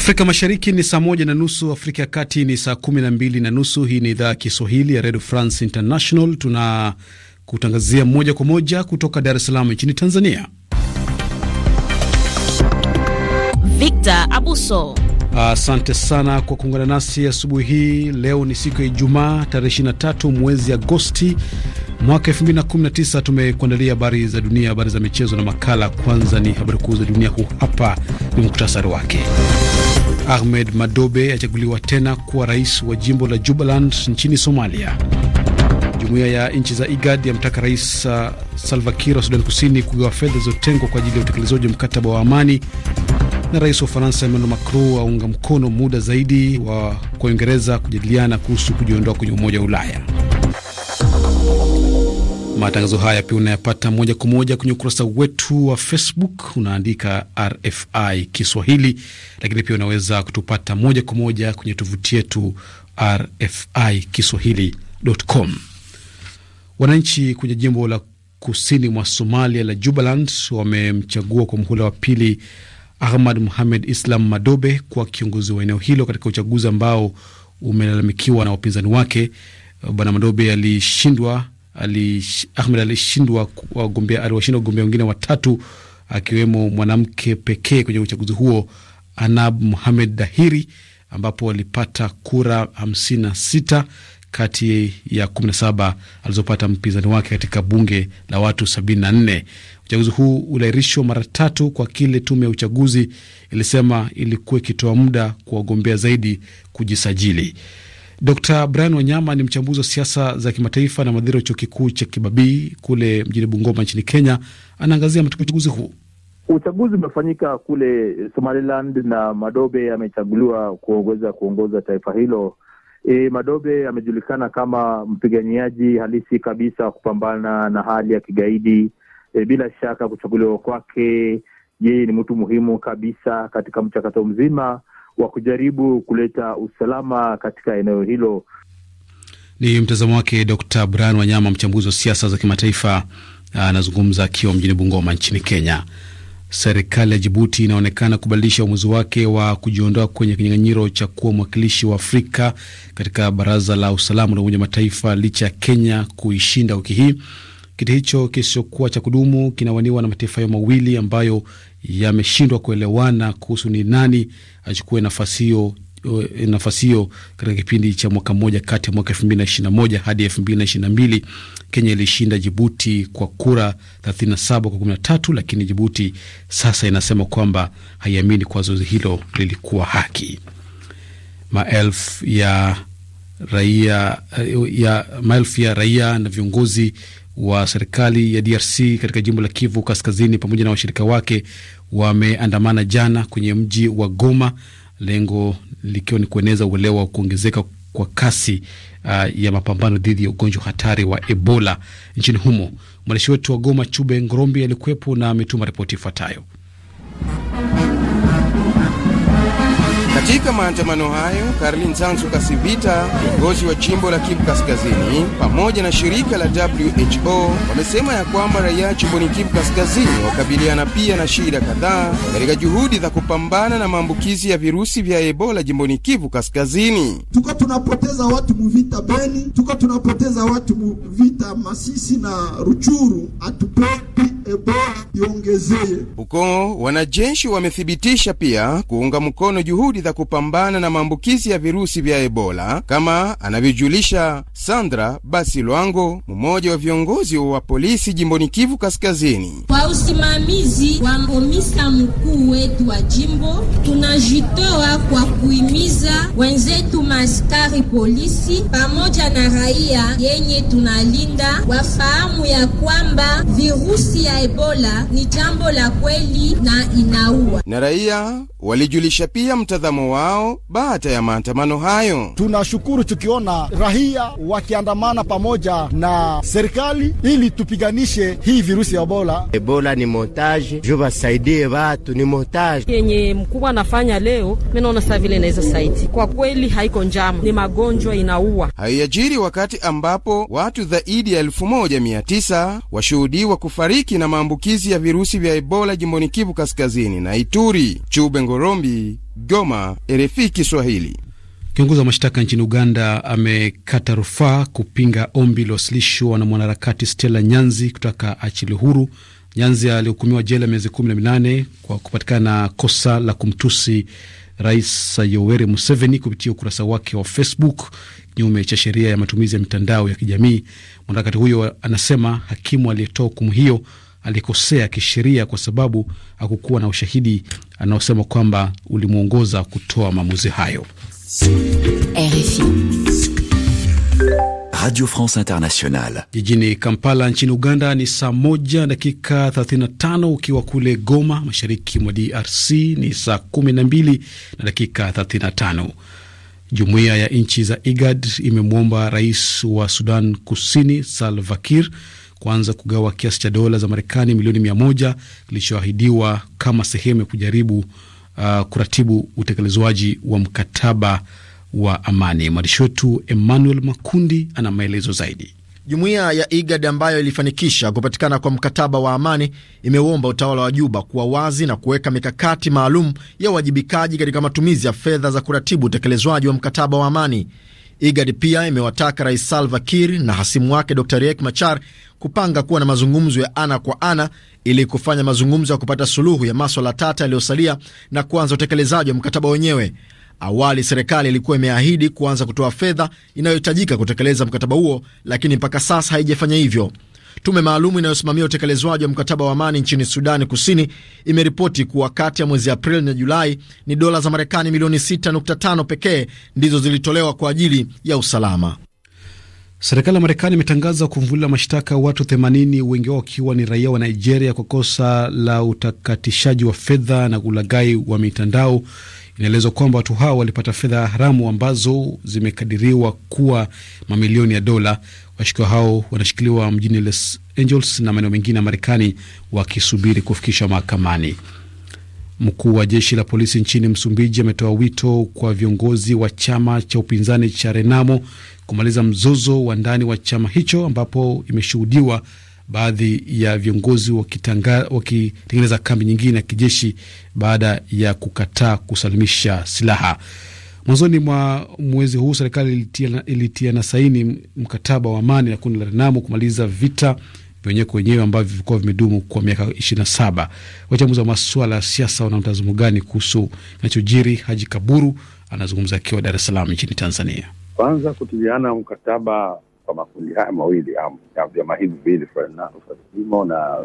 Afrika Mashariki ni saa moja na nusu, Afrika ya Kati ni saa kumi na mbili na nusu. Hii ni idhaa ya Kiswahili ya Redio France International. Tunakutangazia moja kwa moja kutoka Dar es Salaam nchini Tanzania. Victor Abuso, asante sana kwa kuungana nasi asubuhi hii. Leo ni siku ya Ijumaa, tarehe 23 mwezi Agosti mwaka 2019. Tumekuandalia habari za dunia, habari za michezo na makala. Kwanza ni habari kuu za dunia, huu hapa ni muktasari wake. Ahmed Madobe achaguliwa tena kuwa rais wa jimbo la Jubaland nchini Somalia. Jumuiya ya nchi za IGAD yamtaka Rais uh, Salva Kiir wa Sudan Kusini kugawa fedha zilizotengwa kwa ajili ya utekelezaji wa mkataba wa amani. Na rais wa Ufaransa Emmanuel Macron aunga mkono muda zaidi wa kwa Uingereza kujadiliana kuhusu kujiondoa kwenye Umoja wa Ulaya. Matangazo haya pia unayapata moja kwa moja kwenye ukurasa wetu wa Facebook, unaandika RFI Kiswahili, lakini pia unaweza kutupata moja kwa moja kwenye tovuti yetu RFI Kiswahili.com. Wananchi kwenye jimbo la kusini mwa Somalia la Jubaland wamemchagua kwa mhula wa pili Ahmad Muhamed Islam Madobe kuwa kiongozi wa eneo hilo katika uchaguzi ambao umelalamikiwa na wapinzani wake. Bwana Madobe alishindwa ali, Ahmed alishindwa wagombea aliwashinda wagombea wengine watatu akiwemo mwanamke pekee kwenye uchaguzi huo Anab muhamed Dahiri ambapo walipata kura 56 kati ya 17 alizopata mpinzani wake katika bunge la watu 74. Uchaguzi huu uliahirishwa mara tatu kwa kile tume ya uchaguzi ilisema ilikuwa ikitoa muda kwa wagombea zaidi kujisajili. Dr Brian Wanyama ni mchambuzi wa siasa za kimataifa na madhiri wa chuo kikuu cha Kibabii kule mjini Bungoma nchini Kenya. Anaangazia matokeo uchaguzi huu. Uchaguzi umefanyika kule Somaliland na Madobe amechaguliwa kuongoza kuongoza taifa hilo. E, Madobe amejulikana kama mpiganiaji halisi kabisa wa kupambana na hali ya kigaidi. E, bila shaka kuchaguliwa kwake yeye ni mtu muhimu kabisa katika mchakato mzima wa kujaribu kuleta usalama katika eneo hilo. Ni mtazamo wake Dr. Brian Wanyama, mchambuzi wa siasa za kimataifa, anazungumza akiwa mjini Bungoma nchini Kenya. Serikali ya Jibuti inaonekana kubadilisha uamuzi wake wa kujiondoa kwenye kinyang'anyiro cha kuwa mwakilishi wa Afrika katika Baraza la Usalama la Umoja Mataifa licha ya Kenya kuishinda wiki hii. Kiti hicho kisichokuwa cha kudumu kinawaniwa na mataifa hayo mawili ambayo yameshindwa kuelewana kuhusu ni nani achukue nafasi hiyo eh, nafasi hiyo katika kipindi cha mwaka mmoja kati ya mwaka elfu mbili na ishirini na moja hadi elfu mbili na ishirini na mbili Kenya ilishinda Jibuti kwa kura 37 kwa 13, lakini Jibuti sasa inasema kwamba haiamini kwa zoezi hilo lilikuwa haki. Maelfu ya raia eh, ya maelfu ya raia na viongozi wa serikali ya DRC katika jimbo la Kivu Kaskazini pamoja na washirika wake wameandamana jana kwenye mji wa Goma, lengo likiwa ni kueneza uelewa wa kuongezeka kwa kasi uh, ya mapambano dhidi ya ugonjwa hatari wa Ebola nchini humo. Mwandishi wetu wa Goma, Chube ngrombi alikuwepo na ametuma ripoti ifuatayo. Katika maandamano hayo, Karlin sansu Kasivita, kiongozi wa jimbo la Kivu Kaskazini, pamoja na shirika la WHO wamesema ya kwamba raia jimboni Kivu Kaskazini wakabiliana pia na shida kadhaa katika juhudi za kupambana na maambukizi ya virusi vya Ebola jimboni Kivu Kaskazini. Tuko tunapoteza watu muvita Beni, tuko tunapoteza watu muvita Masisi na Ruchuru, hatupoti Ebola eh, iongezeye huko. Wanajeshi wamethibitisha pia kuunga mkono juhudi za kupambana na maambukizi ya virusi vya Ebola, kama anavyojulisha Sandra Basi Lwango, mmoja wa viongozi wa polisi jimboni Kivu Kaskazini. Kwa usimamizi wa mbomisa mkuu wetu wa jimbo, tunajitoa kwa kuimiza wenzetu maskari polisi pamoja na raia yenye tunalinda wafahamu ya kwamba virusi ya Ebola ni jambo la kweli na inaua. Na raia walijulisha pia mtazamo wao baada ya maandamano hayo. Tunashukuru tukiona raia wakiandamana pamoja na serikali ili tupiganishe hii virusi ya Ebola. Ebola ni montage, ju basaidie watu, ni montage yenye mkubwa anafanya leo. Mimi naona sasa vile inaweza saidi, kwa kweli haiko njama, ni magonjwa inaua. Haiajiri wakati ambapo watu zaidi ya elfu moja mia tisa washuhudiwa kufariki na maambukizi ya virusi vya Ebola jimboni Kivu Kaskazini na Ituri. Chube Ngorombi, Goma, RFI Kiswahili. Kiongozi wa mashtaka nchini Uganda amekata rufaa kupinga ombi lilowasilishwa na mwanaharakati Stella Nyanzi kutaka achili huru. Nyanzi alihukumiwa jela miezi kumi na minane kwa kupatikana na kosa la kumtusi Rais Yoweri Museveni kupitia ukurasa wake wa Facebook kinyume cha sheria ya matumizi ya mitandao ya kijamii. Mwanaharakati huyo anasema hakimu aliyetoa hukumu hiyo alikosea kisheria kwa sababu hakukuwa na ushahidi anaosema kwamba ulimwongoza kutoa maamuzi hayo. RFI Radio France Internationale jijini Kampala nchini Uganda ni saa moja dakika 35, ukiwa kule Goma mashariki mwa DRC ni saa 12 na dakika 35. Jumuiya ya nchi za IGAD imemwomba rais wa Sudan Kusini Salva Kiir kuanza kugawa kiasi cha dola za Marekani milioni mia moja kilichoahidiwa kama sehemu ya kujaribu uh, kuratibu utekelezwaji wa mkataba wa amani. Mwandishi wetu Emmanuel Makundi ana maelezo zaidi. Jumuiya ya IGAD ambayo ilifanikisha kupatikana kwa mkataba wa amani imeuomba utawala wa Juba kuwa wazi na kuweka mikakati maalum ya uwajibikaji katika matumizi ya fedha za kuratibu utekelezwaji wa mkataba wa amani. IGAD pia imewataka Rais Salva Kiir na hasimu wake Dr Riek Machar kupanga kuwa na mazungumzo ya ana kwa ana ili kufanya mazungumzo ya kupata suluhu ya maswala tata yaliyosalia na kuanza utekelezaji wa mkataba wenyewe. Awali serikali ilikuwa imeahidi kuanza kutoa fedha inayohitajika kutekeleza mkataba huo, lakini mpaka sasa haijafanya hivyo. Tume maalumu inayosimamia utekelezwaji wa mkataba wa amani nchini Sudani Kusini imeripoti kuwa kati ya mwezi Aprili na Julai ni dola za Marekani milioni 6.5 pekee ndizo zilitolewa kwa ajili ya usalama. Serikali ya Marekani imetangaza kumvulia mashtaka watu 80 wengi wao wakiwa ni raia wa Nigeria kwa kosa la utakatishaji wa fedha na ulagai wa mitandao. Inaelezwa kwamba watu hao walipata fedha haramu ambazo zimekadiriwa kuwa mamilioni ya dola. Washukiwa hao wanashikiliwa mjini Los Angeles na maeneo mengine ya Marekani wakisubiri kufikishwa mahakamani. Mkuu wa jeshi la polisi nchini Msumbiji ametoa wito kwa viongozi wa chama cha upinzani cha Renamo kumaliza mzozo wa ndani wa chama hicho ambapo imeshuhudiwa baadhi ya viongozi wakitengeneza kambi nyingine ya kijeshi baada ya kukataa kusalimisha silaha. Mwanzoni mwa mwezi huu serikali ilitia, ilitia na saini mkataba wa amani na kundi la Renamo kumaliza vita vyenyewe kwa wenyewe ambavyo vilikuwa vimedumu kwa miaka 27. Wachambuzi wa masuala ya siasa wana mtazamo gani kuhusu kinachojiri? Haji Kaburu anazungumza akiwa Dar es Salaam nchini Tanzania. Kwanza kutiliana mkataba kwa makundi haya mawili um, ya vyama hivi viwili Frelimo na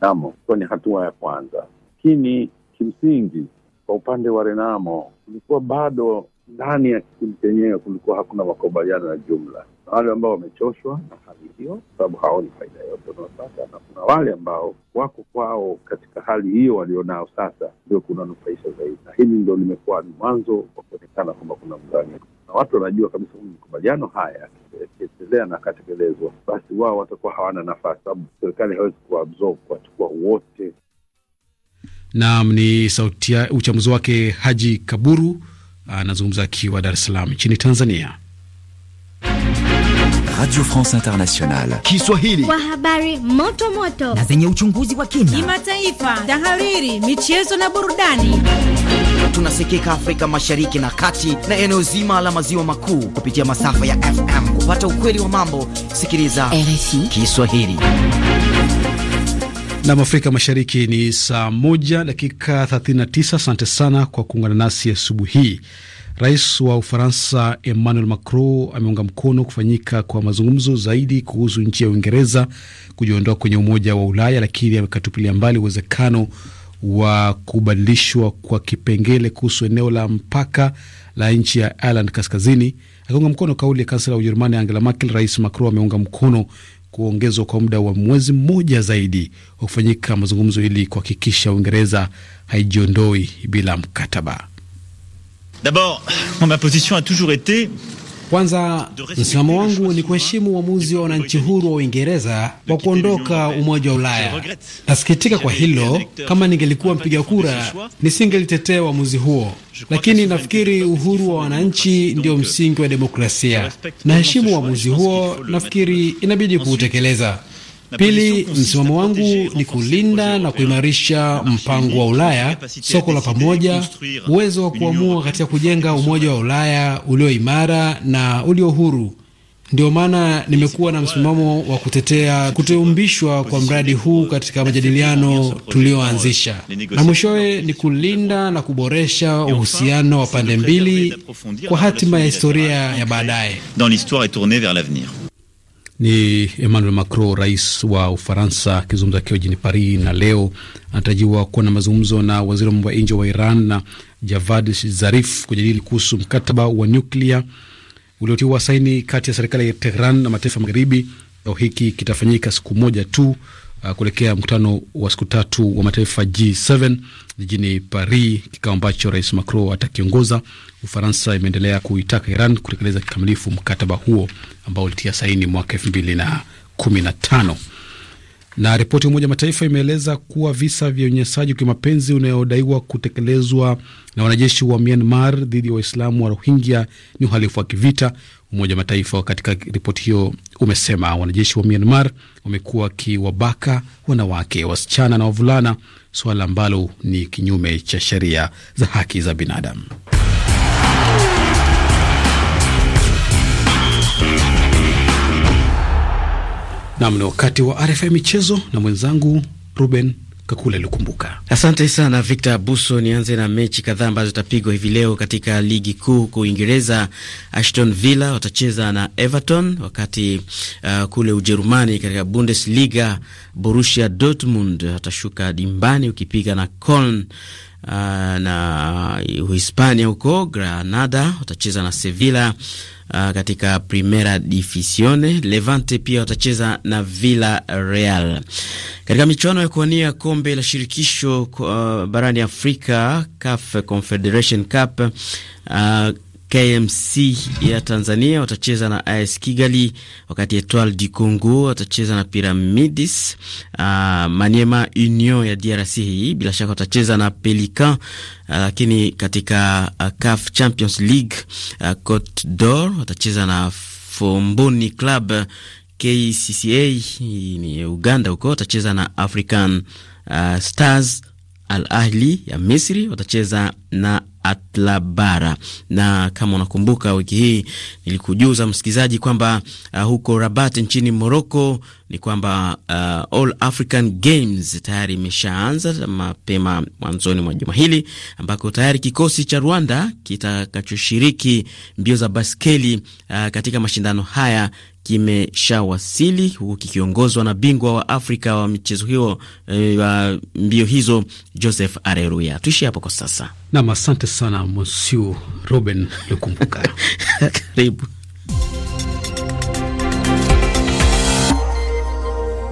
Renamo, ni hatua ya kwanza, lakini kimsingi kwa upande wa Renamo kulikuwa bado ndani ya kikundi chenyewe kulikuwa hakuna makubaliano ya jumla. Kuna wale ambao wamechoshwa na hali hiyo, kwa sababu haoni faida yote unaosasa, na kuna wale ambao wako kwao katika hali hiyo walionao sasa ndio kunanufaisha zaidi, na hili ndo limekuwa ni mwanzo wa kuonekana kwamba kuna mgawanyiko, na watu wanajua kabisa makubaliano haya yakiendelea na akatekelezwa, basi wao watakuwa hawana nafasi, sababu serikali hawezi kuwaabsorb kuwachukua wote Naam, ni sauti ya uchambuzi wake Haji Kaburu anazungumza akiwa Dar es Salaam nchini Tanzania. Radio France Internationale Kiswahili, kwa habari moto moto na zenye uchunguzi wa kina, kimataifa, tahariri, michezo na burudani. Tunasikika Afrika Mashariki na Kati na eneo zima la maziwa makuu kupitia masafa ya FM. Kupata ukweli wa mambo, sikiliza RFI Kiswahili. Nam Afrika Mashariki ni saa moja dakika 39. Asante sana kwa kuungana nasi asubuhi hii. Rais wa Ufaransa Emmanuel Macron ameunga mkono kufanyika kwa mazungumzo zaidi kuhusu nchi ya Uingereza kujiondoa kwenye Umoja wa Ulaya, lakini amekatupilia mbali uwezekano wa kubadilishwa kwa kipengele kuhusu eneo la mpaka la nchi ya Ireland Kaskazini. Akiunga mkono kauli ya kansela wa Ujerumani Angela Merkel, Rais Macron ameunga mkono kuongezwa kwa muda wa mwezi mmoja zaidi wa kufanyika mazungumzo ili kuhakikisha Uingereza haijiondoi bila mkataba. Kwanza, msimamo wangu ni kuheshimu uamuzi wa wananchi huru wa Uingereza wa kuondoka Umoja wa Ulaya. Nasikitika kwa hilo. Kama ningelikuwa mpiga kura, nisingelitetea uamuzi huo, lakini nafikiri uhuru wa wananchi ndio msingi wa demokrasia. Naheshimu uamuzi huo, nafikiri inabidi kuutekeleza. Pili, msimamo wangu ni kulinda na kuimarisha mpango wa Ulaya, soko la pamoja, uwezo wa kuamua katika kujenga umoja wa Ulaya ulio imara na ulio huru. Ndio maana nimekuwa na msimamo wa kutetea kuteumbishwa kwa mradi huu katika majadiliano tuliyoanzisha, na mwishowe ni kulinda na kuboresha uhusiano wa pande mbili kwa hatima ya historia ya baadaye. Ni Emmanuel Macron, rais wa Ufaransa, akizungumza akiwa jijini Paris na leo anatarajiwa kuwa na mazungumzo na waziri wa mambo ya nje wa Iran na Javad Zarif kujadili kuhusu mkataba wa nyuklia uliotiwa saini kati ya serikali ya Tehran na mataifa magharibi. Kikao hiki kitafanyika siku moja tu uh, kuelekea mkutano wa siku tatu wa mataifa G7 jijini Paris, kikao ambacho rais Macron atakiongoza. Ufaransa imeendelea kuitaka Iran kutekeleza kikamilifu mkataba huo ambao ulitia saini mwaka 2015 na ripoti ya Umoja Mataifa imeeleza kuwa visa vya unyanyasaji kwa mapenzi unayodaiwa kutekelezwa na wanajeshi wa Myanmar dhidi ya Waislamu wa Rohingya ni uhalifu wa kivita, Umoja wa Mataifa katika ripoti hiyo umesema wanajeshi wa Myanmar wamekuwa wakiwabaka wanawake, wasichana na wavulana, suala ambalo ni kinyume cha sheria za haki za binadamu. Nam ni wakati wa RFI michezo na mwenzangu Ruben Kakula alikumbuka. Asante sana Victor Abuso. Nianze na mechi kadhaa ambazo zitapigwa hivi leo katika ligi kuu huko Uingereza. Aston Villa watacheza na Everton, wakati uh, kule Ujerumani katika Bundesliga Borussia Dortmund watashuka dimbani ukipiga na Coln uh, na Uhispania huko Granada watacheza na Sevilla uh, katika Primera Division. Levante pia watacheza na Villa Real. Katika michuano ya kuwania kombe la shirikisho uh, barani Afrika CAF Confederation Cup uh, KMC ya Tanzania watacheza na AS Kigali, wakati Etoile du Congo watacheza na Pyramids. Uh, Maniema Union ya DRC hii bila shaka watacheza na Pelican. Uh, lakini katika uh, CAF Champions League uh, Cote d'Or watacheza na Fomboni Club. KCCA ni Uganda, huko watacheza na African uh, Stars. Al Ahli ya Misri watacheza na Atlabara. Na kama unakumbuka, wiki hii nilikujuza msikilizaji kwamba uh, huko Rabat nchini Morocco ni kwamba uh, All African Games tayari imeshaanza mapema mwanzoni mwa juma hili, ambako tayari kikosi cha Rwanda kitakachoshiriki mbio za baskeli uh, katika mashindano haya kimeshawasili huku kikiongozwa na bingwa wa Afrika wa michezo hiyo, eh, wa uh, mbio hizo Joseph Areruya. Tuishi hapo kwa sasa. Nam, asante sana Monsieur roben Lukumbuka. Karibu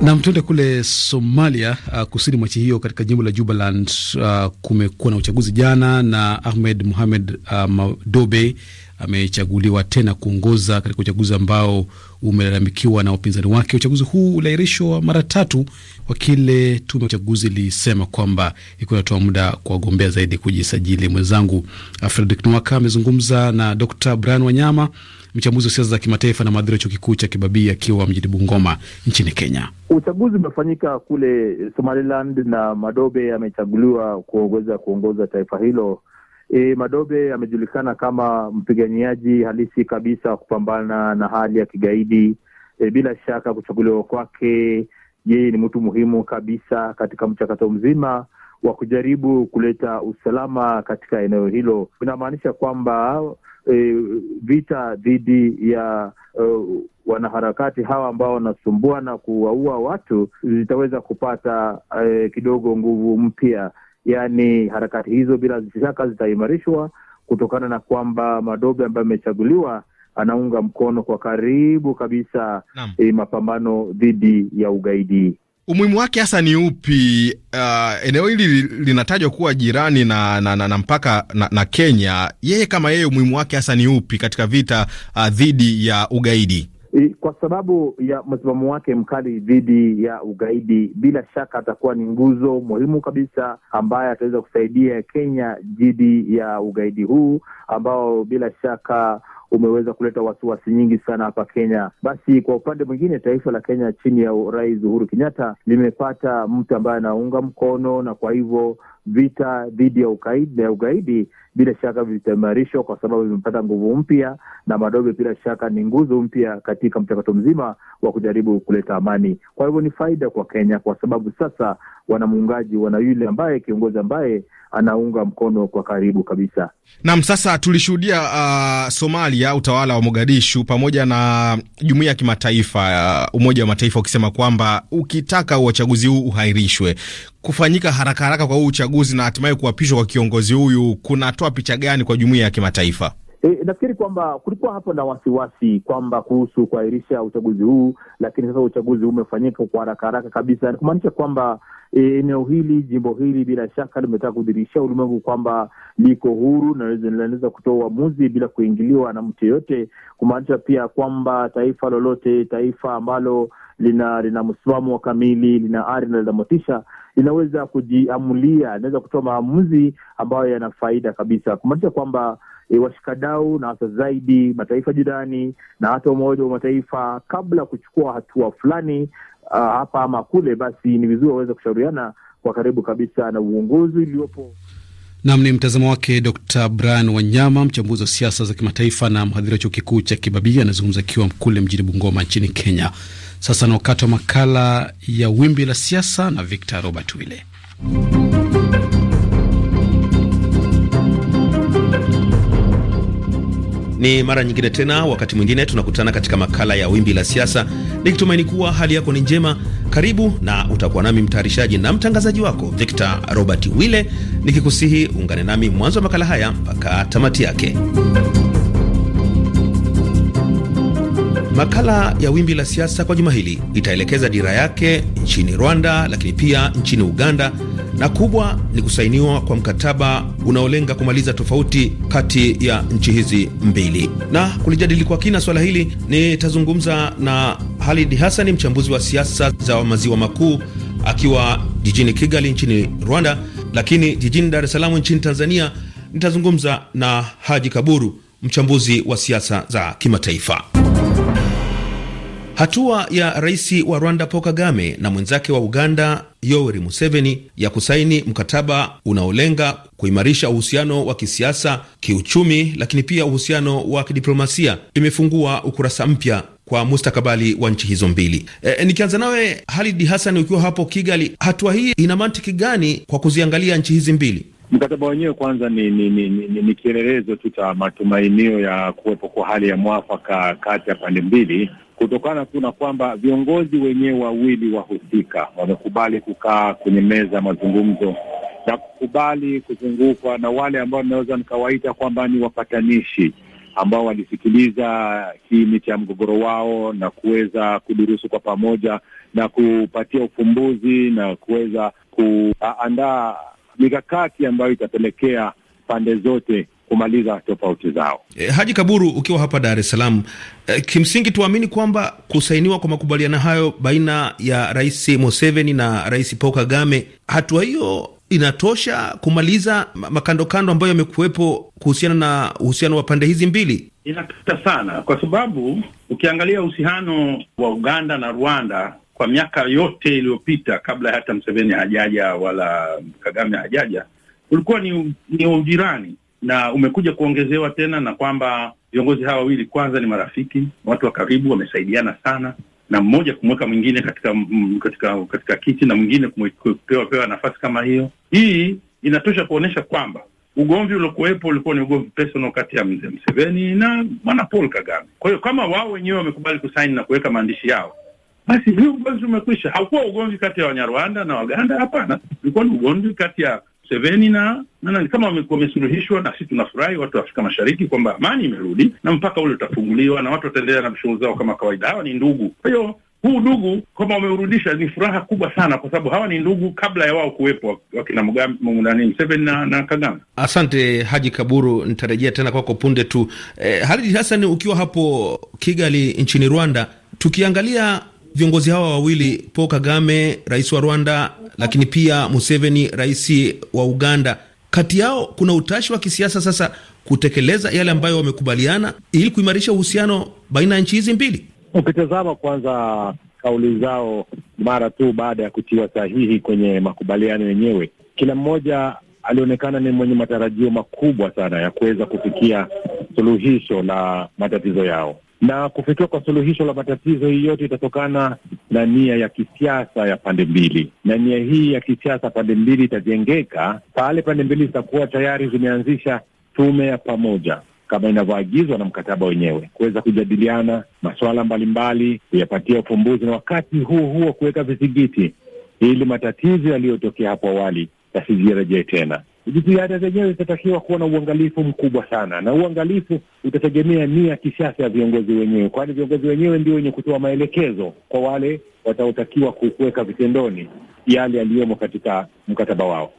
nam, tuende kule Somalia, uh, kusini mwa nchi hiyo, katika jimbo la Jubaland. Uh, kumekuwa na uchaguzi jana na Ahmed Mohamed uh, Madobe amechaguliwa tena kuongoza katika uchaguzi ambao umelalamikiwa na wapinzani wake. Uchaguzi huu uliahirishwa mara tatu kwa kile tume ya uchaguzi ilisema kwamba ilikuwa inatoa muda kwa wagombea zaidi kujisajili. Mwenzangu uh, Fredrick Nwaka amezungumza na Dr Brian Wanyama, mchambuzi wa siasa za kimataifa na mhadhiri wa chuo kikuu cha Kibabii akiwa mjini Bungoma nchini Kenya. Uchaguzi umefanyika kule Somaliland na Madobe amechaguliwa kuongoza kuongoza taifa hilo E, Madobe amejulikana kama mpiganiaji halisi kabisa wa kupambana na hali ya kigaidi. E, bila shaka kuchaguliwa kwake yeye ni mtu muhimu kabisa katika mchakato mzima wa kujaribu kuleta usalama katika eneo hilo. Inamaanisha kwamba e, vita dhidi ya e, wanaharakati hawa ambao wanasumbua na kuwaua watu zitaweza kupata e, kidogo nguvu mpya. Yaani harakati hizo bila shaka zitaimarishwa kutokana na kwamba Madobe ambayo amechaguliwa anaunga mkono kwa karibu kabisa e, mapambano dhidi ya ugaidi. Umuhimu wake hasa ni upi? Uh, eneo hili linatajwa kuwa jirani na, na, na, na mpaka na, na Kenya. Yeye kama yeye, umuhimu wake hasa ni upi katika vita uh, dhidi ya ugaidi? kwa sababu ya msimamo wake mkali dhidi ya ugaidi, bila shaka atakuwa ni nguzo muhimu kabisa ambaye ataweza kusaidia Kenya dhidi ya ugaidi huu ambao bila shaka umeweza kuleta wasiwasi nyingi sana hapa Kenya. Basi kwa upande mwingine, taifa la Kenya chini ya Rais Uhuru Kenyatta limepata mtu ambaye anaunga mkono, na kwa hivyo vita dhidi ya ugaidi, ugaidi bila shaka vitaimarishwa kwa sababu vimepata nguvu mpya, na madobe bila shaka ni nguzo mpya katika mchakato mzima wa kujaribu kuleta amani. Kwa hivyo ni faida kwa Kenya kwa sababu sasa wanamuungaji wana yule ambaye kiongozi ambaye anaunga mkono kwa karibu kabisa. Naam, sasa tulishuhudia uh, Somalia, utawala wa Mogadishu pamoja na jumuia ya kimataifa, uh, Umoja wa Mataifa ukisema kwamba ukitaka uchaguzi huu uhairishwe kufanyika haraka haraka kwa huu uchaguzi na hatimaye kuapishwa kwa kiongozi huyu kunatoa picha gani kwa jumuiya ya kimataifa? E, nafikiri kwamba kulikuwa hapo na wasiwasi kwamba kuhusu kuahirisha uchaguzi huu, lakini sasa uchaguzi huu umefanyika kwa haraka haraka kabisa, ni kumaanisha kwamba e, eneo hili, jimbo hili, bila shaka limetaka kudhihirisha ulimwengu kwamba liko huru na linaweza kutoa uamuzi bila kuingiliwa na mtu yeyote, kumaanisha pia kwamba taifa lolote, taifa ambalo lina lina msimamo kamili, lina ari na lina motisha inaweza kujiamulia, inaweza kutoa maamuzi ambayo yana faida kabisa, kumaanisha kwamba E, washikadau na hasa zaidi mataifa jirani na hata Umoja wa Mataifa, kabla ya kuchukua hatua fulani ah, hapa ama kule, basi ni vizuri waweze kushauriana kwa karibu kabisa na uongozi uliopo. Nam ni mtazamo wake Dr Brian Wanyama, mchambuzi wa siasa za kimataifa na mhadhiri wa chuo kikuu cha Kibabii, anazungumza akiwa Mkule mjini Bungoma nchini Kenya. Sasa na wakati wa makala ya Wimbi la Siasa na Victor Robert wille Ni mara nyingine tena, wakati mwingine tunakutana katika makala ya Wimbi la Siasa, nikitumaini kuwa hali yako ni njema karibu na utakuwa nami mtayarishaji na mtangazaji wako Victor Robert Wille, nikikusihi ungane nami mwanzo wa makala haya mpaka tamati yake. Makala ya Wimbi la Siasa kwa juma hili itaelekeza dira yake nchini Rwanda, lakini pia nchini Uganda, na kubwa ni kusainiwa kwa mkataba unaolenga kumaliza tofauti kati ya nchi hizi mbili. Na kulijadili kwa kina swala hili, nitazungumza na Halid Hassan, mchambuzi wa siasa za maziwa makuu, akiwa jijini Kigali nchini Rwanda. Lakini jijini Dar es Salaam nchini Tanzania nitazungumza na Haji Kaburu, mchambuzi wa siasa za kimataifa. Hatua ya rais wa Rwanda Paul Kagame na mwenzake wa Uganda Yoweri Museveni ya kusaini mkataba unaolenga kuimarisha uhusiano wa kisiasa, kiuchumi, lakini pia uhusiano wa kidiplomasia imefungua ukurasa mpya kwa mustakabali wa nchi hizo mbili. E, e nikianza nawe Halidi Hassan, ukiwa hapo Kigali, hatua hii ina mantiki gani kwa kuziangalia nchi hizi mbili? Mkataba wenyewe kwanza ni ni, ni, ni, ni kielelezo tu cha matumainio ya kuwepo kwa hali ya mwafaka kati ya pande mbili kutokana tu na kwamba viongozi wenyewe wawili wahusika wamekubali kukaa kwenye meza ya mazungumzo na kukubali kuzungukwa na wale ambao ninaweza nikawaita kwamba ni wapatanishi ambao walisikiliza kiini cha mgogoro wao na kuweza kudurusu kwa pamoja na kupatia ufumbuzi na kuweza kuandaa mikakati ambayo itapelekea pande zote kumaliza tofauti zao. E, Haji Kaburu, ukiwa hapa Dar es Salaam, e, kimsingi tuamini kwamba kusainiwa kwa makubaliano hayo baina ya Rais Museveni na Rais Paul Kagame, hatua hiyo inatosha kumaliza makandokando ambayo yamekuwepo kuhusiana na uhusiano wa pande hizi mbili? Inatosha sana, kwa sababu ukiangalia uhusiano wa Uganda na Rwanda kwa miaka yote iliyopita kabla hata Mseveni hajaja wala Kagame hajaja ulikuwa ni, ni ujirani na umekuja kuongezewa tena na kwamba viongozi hawa wawili kwanza ni marafiki, watu wa karibu, wamesaidiana sana na mmoja kumweka mwingine katika mm, katika katika kiti na mwingine kupewa pewa nafasi kama hiyo. Hii inatosha kuonyesha kwamba ugomvi uliokuwepo ulikuwa ni ugomvi personal kati ya mzee Mseveni na bwana Paul Kagame. Kwa hiyo kama wao wenyewe wamekubali kusaini na kuweka maandishi yao, basi hiyo ugomvi umekwisha. Haukuwa ugomvi kati ya Wanyarwanda na Waganda, hapana, ulikuwa ni ugomvi kati ya Museveni na ni kama wamesuluhishwa, na sisi tunafurahi watu wa Afrika Mashariki kwamba amani imerudi na mpaka ule utafunguliwa na watu wataendelea na shughuli zao kama kawaida. Hawa ni ndugu, kwa hiyo huu ndugu kama wameurudisha ni furaha kubwa sana, kwa sababu hawa ni ndugu kabla ya wao kuwepo wakina Mugabe, Museveni na, na Kagame. Asante Haji Kaburu, nitarejea tena kwako punde tu. Eh, Halidi Hassan, ukiwa hapo Kigali nchini Rwanda, tukiangalia Viongozi hawa wawili, Paul Kagame, rais wa Rwanda, lakini pia Museveni, rais wa Uganda, kati yao kuna utashi wa kisiasa sasa kutekeleza yale ambayo wamekubaliana ili kuimarisha uhusiano baina ya nchi hizi mbili. Ukitazama kwanza kauli zao mara tu baada ya kutiwa sahihi kwenye makubaliano yenyewe, kila mmoja alionekana ni mwenye matarajio makubwa sana ya kuweza kufikia suluhisho la matatizo yao na kufikiwa kwa suluhisho la matatizo hii yote itatokana na nia ya kisiasa ya pande mbili, na nia hii ya kisiasa pande mbili itajengeka pale pande mbili zitakuwa tayari zimeanzisha tume ya pamoja kama inavyoagizwa na mkataba wenyewe kuweza kujadiliana masuala mbalimbali, kuyapatia ufumbuzi, na wakati huo huo kuweka vizingiti ili matatizo yaliyotokea hapo awali yasijirejee tena jitihada zenyewe zitatakiwa kuwa na uangalifu mkubwa sana, na uangalifu utategemea nia ya kisiasa ya viongozi wenyewe, kwani viongozi wenyewe ndio wenye kutoa maelekezo kwa wale wataotakiwa kuweka vitendoni yale yaliyomo katika mkataba wao.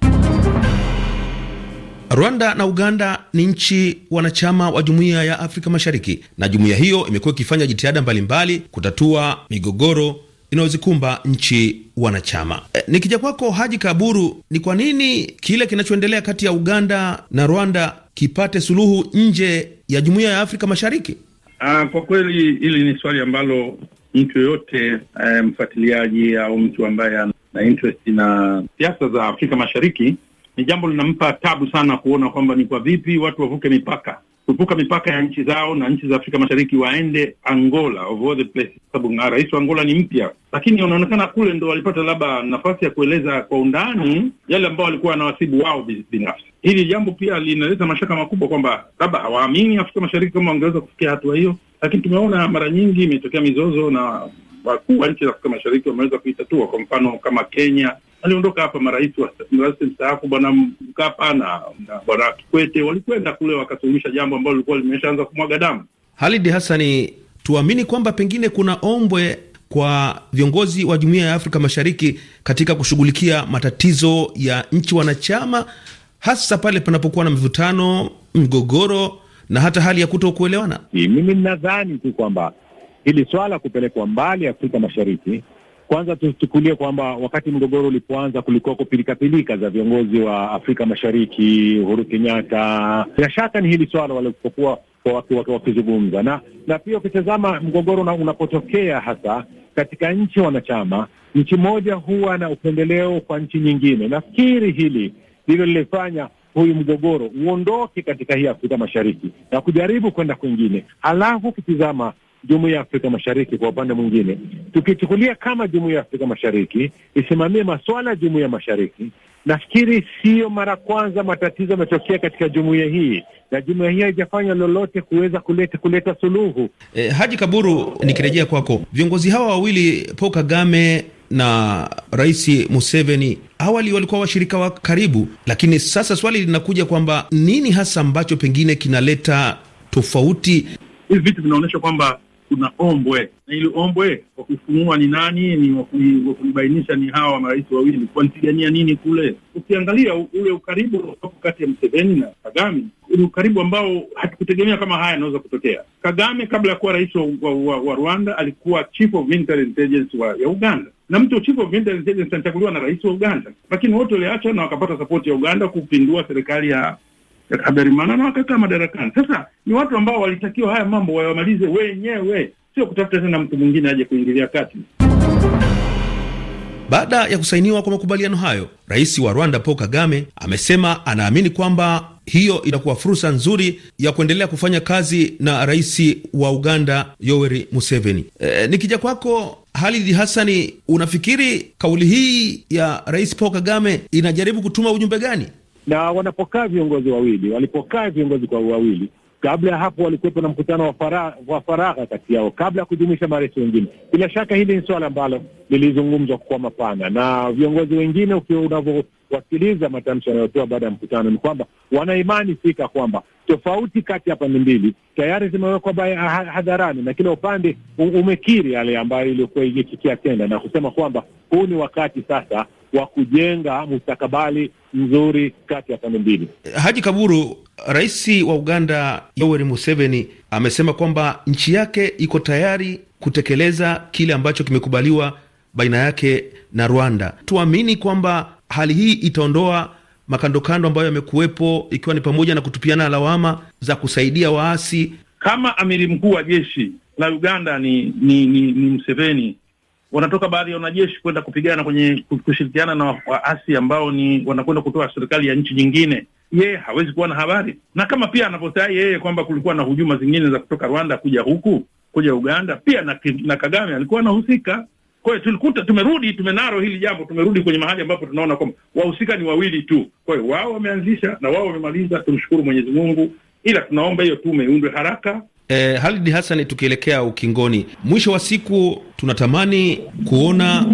Rwanda na Uganda ni nchi wanachama wa Jumuiya ya Afrika Mashariki, na jumuiya hiyo imekuwa ikifanya jitihada mbalimbali kutatua migogoro inayozikumba nchi wanachama. E, nikija kwako Haji Kaburu, ni kwa nini kile kinachoendelea kati ya Uganda na Rwanda kipate suluhu nje ya jumuiya ya Afrika Mashariki? Aa, ah, kwa kweli hili ni swali ambalo mtu yoyote e, mfuatiliaji au mtu ambaye ana interest na siasa za Afrika Mashariki ni jambo linampa tabu sana kuona kwamba ni kwa vipi watu wavuke mipaka kuvuka mipaka ya nchi zao na nchi za Afrika Mashariki waende Angola, of all the places, sababu rais wa Angola ni mpya, lakini wanaonekana kule ndo walipata labda nafasi ya kueleza kwa undani yale ambao walikuwa wanawasibu wao binafsi. Hili jambo pia linaleta mashaka makubwa kwamba labda hawaamini Afrika Mashariki kama wangeweza kufikia hatua hiyo, lakini tumeona mara nyingi imetokea mizozo na wakuu wa nchi za Afrika Mashariki wameweza kuitatua, kwa mfano kama Kenya aliondoka hapa marais mstaafu Bwana Mkapa na, Bwana Kikwete walikwenda kule wakasuluhisha jambo ambalo lilikuwa limeshaanza kumwaga damu. Halidi Hassani, tuamini kwamba pengine kuna ombwe kwa viongozi wa jumuiya ya Afrika Mashariki katika kushughulikia matatizo ya nchi wanachama, hasa pale panapokuwa na mivutano, mgogoro na hata hali ya kutokuelewana. Mimi ninadhani tu kwamba hili swala kupelekwa mbali Afrika Mashariki kwanza tuchukulie kwamba wakati mgogoro ulipoanza kulikuwako pilikapilika za viongozi wa Afrika Mashariki, Uhuru Kenyatta. Bila shaka ni hili swala walipokuwa wakizungumza, na na pia ukitazama mgogoro unapotokea hasa katika nchi wanachama, nchi moja huwa na upendeleo kwa nchi nyingine. Nafikiri hili ndilo lilifanya huyu mgogoro uondoke katika hii Afrika Mashariki na kujaribu kwenda kwingine. Halafu ukitizama jumuiya ya Afrika Mashariki kwa upande mwingine, tukichukulia kama jumuiya ya Afrika Mashariki isimamie masuala ya jumuiya mashariki, nafikiri siyo mara kwanza matatizo yametokea katika jumuiya hii, na jumuiya hii haijafanya lolote kuweza kuleta kuleta suluhu. E, Haji Kaburu, nikirejea kwako, viongozi hawa wawili Paul Kagame na Rais Museveni awali walikuwa washirika wa karibu, lakini sasa swali linakuja kwamba nini hasa ambacho pengine kinaleta tofauti. Hivi vitu vinaonyesha kwamba kuna ombwe, na ili ombwe wakufunua ni nani? Ni wakulibainisha ni hawa marais wawili, wanipigania nini kule? Ukiangalia ule ukaribu kati ya Mseveni na Kagame ni ukaribu ambao hatukutegemea kama haya yanaweza kutokea. Kagame kabla ya kuwa rais wa, wa, wa Rwanda alikuwa chief of intelligence wa ya Uganda na mtu chief of intelligence alichaguliwa na rais wa Uganda, lakini wote waliacha na wakapata sapoti ya Uganda kupindua serikali ya Habyarimana na wakakaa madarakani. Sasa ni watu ambao walitakiwa haya mambo wayamalize wenyewe, sio kutafuta tena mtu mwingine aje kuingilia kati. Baada ya kusainiwa kwa makubaliano hayo, rais wa Rwanda Paul Kagame amesema anaamini kwamba hiyo itakuwa fursa nzuri ya kuendelea kufanya kazi na rais wa Uganda Yoweri Museveni. E, nikija kwako Halidi Hassani, unafikiri kauli hii ya rais Paul Kagame inajaribu kutuma ujumbe gani? na wanapokaa viongozi wawili, walipokaa viongozi kwa wawili kabla ya hapo walikuwepo na mkutano wa faragha wa faragha kati yao kabla ya kujumuisha marais wengine. Bila shaka hili ni suala ambalo lilizungumzwa kwa mapana na viongozi wengine. Ukiwa unavyowasikiliza matamshi yanayotoa baada ya mkutano, ni kwamba wanaimani fika kwamba tofauti kati ya pande mbili tayari zimewekwa hadharani na kila upande umekiri yale ambayo iliyokuwa ikitikia tenda na kusema kwamba huu ni wakati sasa wa kujenga mustakabali mzuri kati ya pande mbili. Haji Kaburu, rais wa Uganda Yoweri Museveni amesema kwamba nchi yake iko tayari kutekeleza kile ambacho kimekubaliwa baina yake na Rwanda. Tuamini kwamba hali hii itaondoa makandokando ambayo yamekuwepo, ikiwa ni pamoja na kutupiana lawama za kusaidia waasi. Kama amiri mkuu wa jeshi la Uganda ni, ni, ni, ni Museveni wanatoka baadhi ya wanajeshi kwenda kupigana kwenye kushirikiana na waasi ambao ni wanakwenda kutoa serikali ya nchi nyingine, yeye hawezi kuwa na habari. Na kama pia anavyodai yeye kwamba kulikuwa na hujuma zingine za kutoka Rwanda kuja huku kuja Uganda, pia na, na Kagame alikuwa anahusika. Kwa hiyo tulikuta tumerudi tumenaro hili jambo, tumerudi kwenye mahali ambapo tunaona kwamba wahusika ni wawili tu. Kwa hiyo wao wameanzisha na wao wamemaliza, tumshukuru Mwenyezi Mungu, ila tunaomba hiyo tume iundwe haraka eh, Halidi Hassan, tukielekea ukingoni, mwisho wa siku tunatamani kuona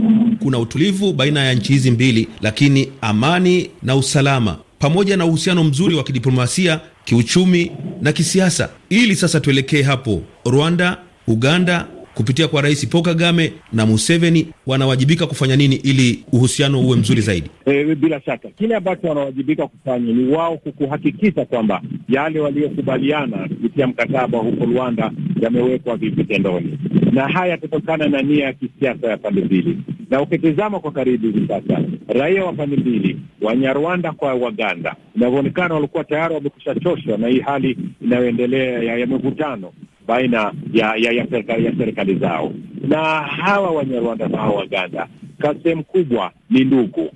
kuna utulivu baina ya nchi hizi mbili, lakini amani na usalama pamoja na uhusiano mzuri wa kidiplomasia, kiuchumi na kisiasa. Ili sasa tuelekee hapo Rwanda, Uganda kupitia kwa Rais Paul Kagame na Museveni wanawajibika kufanya nini ili uhusiano uwe mzuri zaidi? E, bila shaka kile ambacho wanawajibika kufanya ni wao kuhakikisha kwamba yale waliokubaliana kupitia mkataba huko Rwanda yamewekwa vitendoni, na haya yatatokana na nia ya kisiasa ya pande mbili. Na ukitizama kwa karibu hivi sasa, raia wa pande mbili, Wanyarwanda kwa Waganda, inavyoonekana walikuwa tayari wamekusha choshwa na hii hali inayoendelea ya mivutano baina ya ya, ya, serikali, ya serikali zao na hawa Wanyarwanda na hawa Waganda ka sehemu kubwa ni ndugu.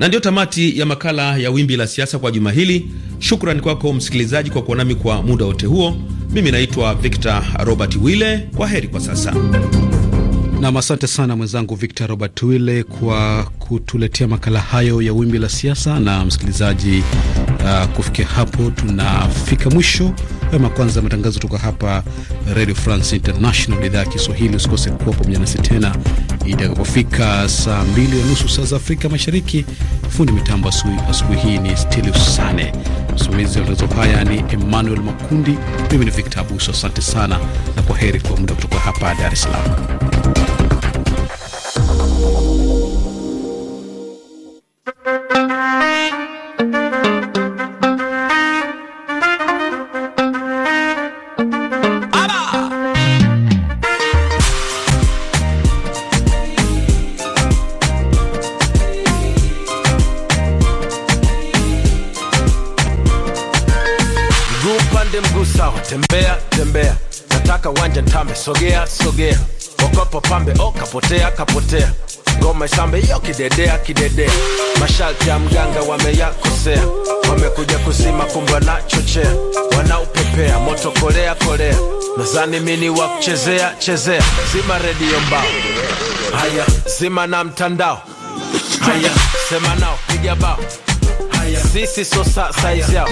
Na ndiyo tamati ya makala ya Wimbi la Siasa kwa juma hili. Shukrani kwako msikilizaji kwa kuwa nami kwa muda wote huo. Mimi naitwa Victor Robert Wille, kwa heri kwa sasa. Nam, asante sana mwenzangu Victor Robert Wille kwa kutuletea makala hayo ya Wimbi la Siasa. Na msikilizaji, uh, kufikia hapo tunafika mwisho mapema kwanza matangazo kutoka hapa Radio France International, idhaa ya Kiswahili. Usikose kuwa pamoja nasi tena itakapofika saa mbili na nusu saa za Afrika Mashariki. Fundi mitambo asubuhi hii ni Stelius Sane, msimamizi wa matangazo haya ni Emmanuel Makundi, mimi ni Victor Abuso. Asante sana na kwa heri kwa muda kutoka hapa Dar es Salaam. uje ntambe, sogea sogea, okopo pambe, o oh, kapotea kapotea, goma isambe yo kidedea kidedea, mashalti ya mganga wameyakosea, wamekuja kusima kumba na chochea, wanaupepea moto korea korea nazani mini wa kuchezea chezea, zima redio mbao, haya zima na mtandao, haya sema nao piga bao, haya sisi sosa size yao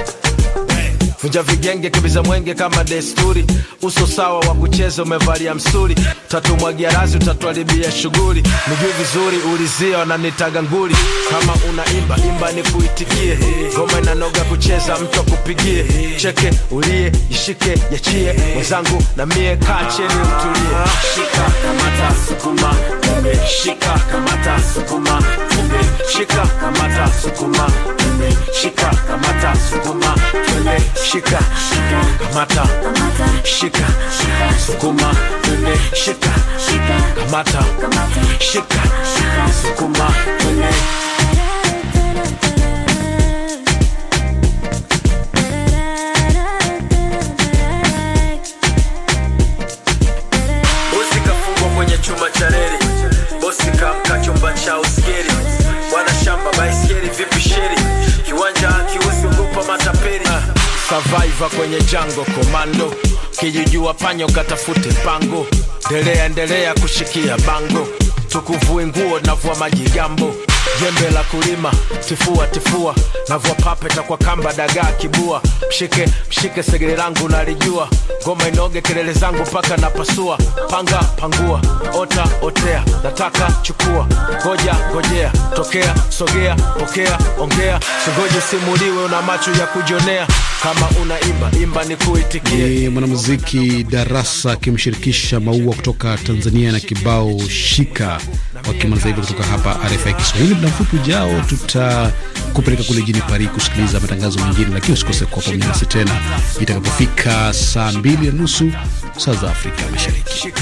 vunja vigenge, kibiza mwenge kama desturi, uso sawa wa kucheza, umevalia msuri, tatumwagia razi, utatuharibia shughuli, nijui vizuri, ulizia wananitaga nguli, kama unaimba imba ni kuitikie, goma inanoga kucheza, mtu akupigie, cheke ulie, ishike yachie, mwenzangu na mie, kache ni utulie, shika kamata sukuma shika kamata sukuma shika kamata sukuma shika kamata sukuma shika mata shika sukuma shika mata shika sukuma usikafungwa kwenye chuma cha reli bosi kamka chumba cha uskeri bwana shamba baiskeri vipi sheri survivor kwenye jango komando kijijua panyo katafute pango ndelea ndelea kushikia bango tukuvui nguo navua majigambo jembe la kulima, tifua tifua, navua papeta kwa kamba, dagaa kibua, mshike mshike, segere langu nalijua, ngoma inoge, kelele zangu paka na pasua, panga pangua, ota otea, nataka chukua, ngoja ngojea, tokea sogea, pokea ongea, singoje simuliwe, una macho ya kujonea, kama una imba ni kuitikie. Ni mwanamuziki Darasa akimshirikisha Maua kutoka Tanzania na kibao Shika wakimaliza hivyo. Kutoka hapa RFI Kiswahili, muda mfupi ujao tutakupeleka kule jini Paris kusikiliza matangazo mengine, lakini usikose kuwa pamoja nasi tena itakapofika saa mbili na nusu saa za Afrika Mashariki.